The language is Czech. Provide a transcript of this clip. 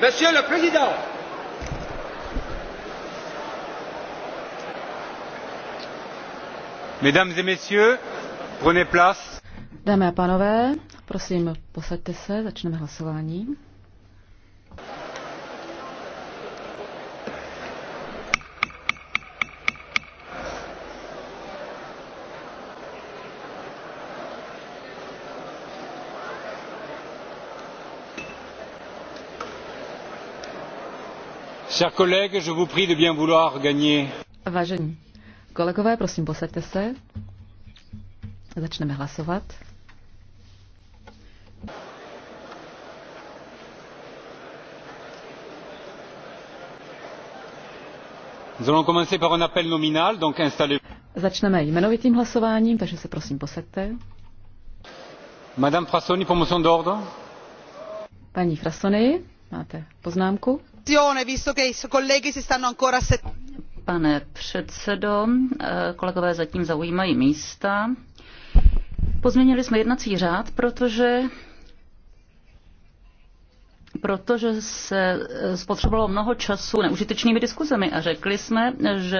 Monsieur le Président, Mesdames et messieurs, prenez place. Dámy a pánové, prosím, posaďte se, začneme hlasováním. Chers collègues, je Vážení kolegové, prosím, posaďte se. Začneme hlasovat. Začneme jmenovitým hlasováním, takže se prosím posaďte. Madame Frassoni, promotion d'ordre. Paní Frassoni, máte poznámku? Pane předsedo, eh, kolegové zatím zaujímají místa. Pozměnili jsme jednací řád, protože protože se eh, spotřebovalo mnoho času neužitečnými diskuzemi a řekli jsme, že